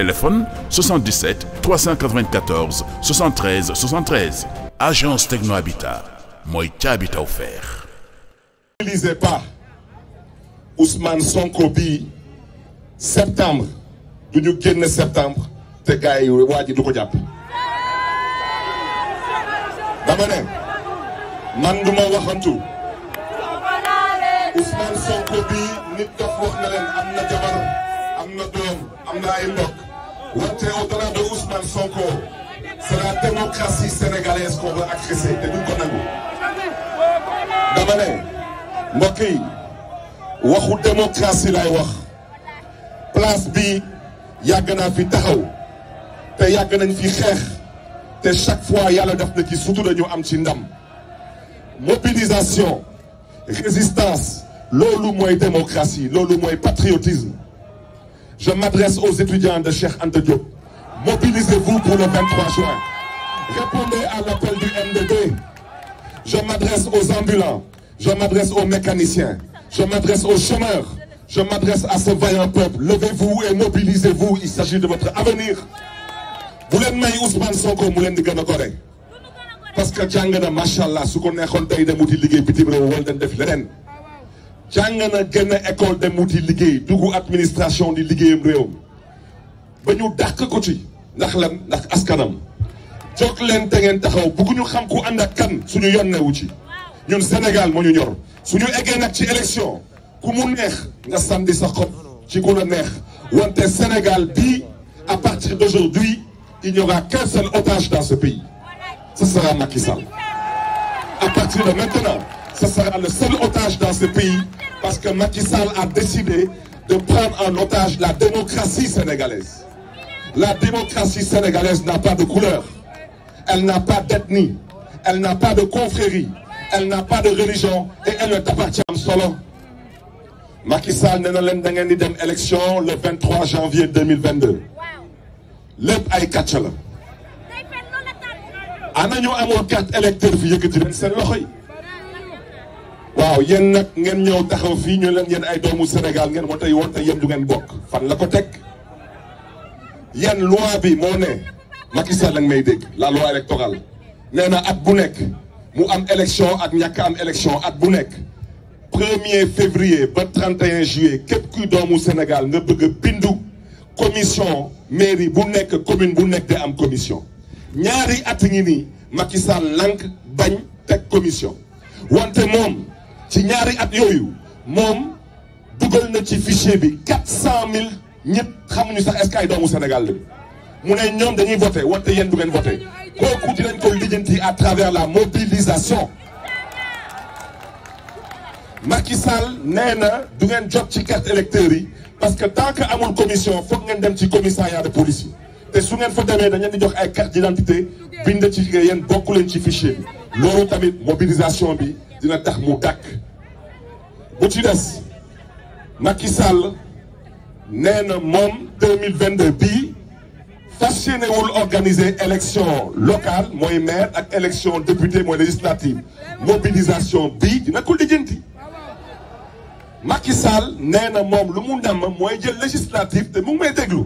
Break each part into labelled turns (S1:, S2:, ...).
S1: téléphone 77 394 73 73 agence Techno Habitat mooy ca Habitat offert.
S2: ne lisez pas Ousmane Sonko bi septembre du ñu génn septembre te gars yi waa ko jàpp. dama man du ma waxantu Ousmane Sonko bi nit daf wax na leen am na jabar am na doom am na ay mbokk. wante au-delà de Ousmane Sonko c'est la démocratie sénégalaise qu'on veut agresser te duñ ko nangu. dama ne mbokk yi waxu lay wax place bi yàgg naa fi taxaw te yàgg nañ fi xeex te chaque fois yàlla def na ci surtout dañu am ci ndam mobilisation résistance loolu mooy démocratie loolu mooy patriotisme. Je m'adresse aux étudiants de Cheikh Anta Diop. Mobilisez-vous pour le 23 juin. Répondez à l'appel du MDD. Je m'adresse aux ambulants. Je m'adresse aux mécaniciens. Je m'adresse aux chômeurs. Je m'adresse à ce vaillant peuple. Levez-vous et mobilisez-vous. Il s'agit de votre avenir. bu leen may Ousmane Sonko mu leen di gën a gore parce que jàng na macha allah su ko neexoon tey dem wuti liggéey bitim réew wala def leneen. jàng na gën a école dem wuti liggéey dugg administration di liggéeyam réewam ba ñu dàq ko ci ndax la ndax askanam jog leen te ngeen taxaw bëgguñu xam ku ànd ak kan suñu yoon newu ci ñun Sénégal moo ñu ñor suñu eggee nag ci élection ku mu neex nga sànni sa xob ci ku la neex wante Sénégal bii à partir d'aujourd'hui il n'y aura qu'un seul otage dans ce pays ce sera Macky à partir de maintenant ce sera le seul otage dans ce pays parce que Macky Sall a décidé de prendre en otage la démocratie sénégalaise. La démocratie sénégalaise n'a pas de couleur, elle n'a pas d'ethnie, elle n'a pas de confrérie, elle n'a pas de religion et elle ne t'appartient solo. Macky Sall nee na leen da ngeen di dem élection le 23 janvier 2022 lépp ay kàcc la. ana ñoo amoon carte électeur fi yëkkati leen seen loxo yi. waaw yéen nag ngeen ñëw taxaw fii ñu leen yéen ay doomu Sénégal ngeen wotey woon te yéen du ngeen bokk fan la ko teg yan loi bi moo ne Macky Sall may dégg la loi électorale nee na at bu nekk mu am élection ak ñàkk am élection at bu nekk 1er février ba juillet képp kuy doomu Sénégal nga bëgg pindu bindu commission mairie bu nekk commune bu nekk day am commission ñaari at ngi nii Macky Sall lank bañ teg commission wante moom ci ñaari at yooyu moom dugal na ci fichier bi quatre cent mille ñëpp xamuñu sax est-ce que ay doomu Sénégal la mu ne ñoom dañuy voté wante yéen du ngeen voté kooku dinañ ko lijjanti à travers la mobilisation Macky Sall nee na du ngeen jot ci carte électeur yi parce que tant que amul commission foog ngeen dem ci commissariat de police yi te su ngeen fa demee dañ leen di jox ay carte d'identité bind ci yéen bokk leen ci fichier bi loolu tamit mobilisation bi dina tax mu tàkk bu ci des Macky Sall nee na moom 2022 bii fas yéenewul organiser élection locale mooy maire ak élection député mooy législative mobilisation bii dina ko lijjanti Macky nee na moom lu mu ndàmm mooy jël législative te mu ngi may déglu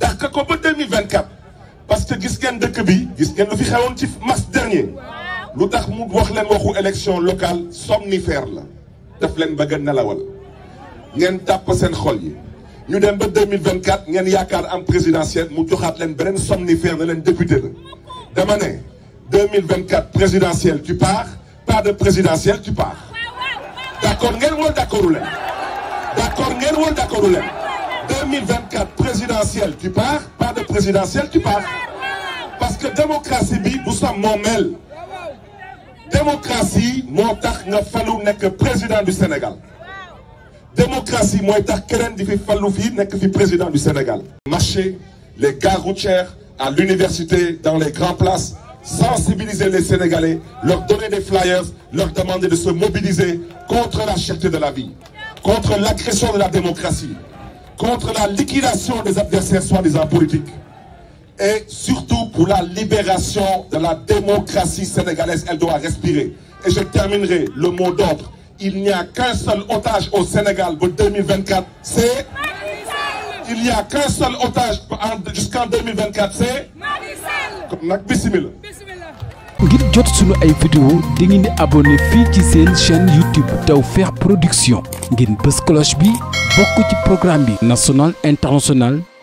S2: dàq ko ba parce que gis ngeen dëkk bi gis ngeen lu fi xewoon ci mars dernier lu tax mu wax leen waxu élection locale somnifère la def leen bëgg a nelawal ngeen tàpp seen xol yi ñu dem ba 2024 ngeen yaakaar am présidentielle mu joxaat leen beneen somnifère ne leen député la dama ne 2024 présidentielle tu pars pas de présidentielle tu pars d'accord ngeen woon d'accordu leen d'accord ngeen woon d'accordu leen 2024 présidentielle tu pars pas de présidentielle tu pars parce que démocratie bi du sa moomeel démocratie moo tax nga falu nekk président du Sénégal démocratie mooy tax keneen di fi falu fii nekk fi président du Sénégal marché les gares routières à l'université dans les grandes places sensibiliser les Sénégalais leur donner des flyers leur demander de se mobiliser contre la cherté de la vie contre l'agression de la démocratie contre la liquidation des adversaires soi-disant politiques et surtout pour la libération de la démocratie sénégalaise. Elle doit respirer. Et je terminerai le mot d'ordre. Il n'y a qu'un seul otage au Sénégal pour c'est... Il n'y a qu'un seul otage jusqu'en 2024, c'est... nag bismillah.
S1: ngir jot sunu ay vidéo di ngeen di abonné fii ci seen chaîne YouTube Tawfekh Production. ngeen bës cloche bi bokk ci programme bi. national international.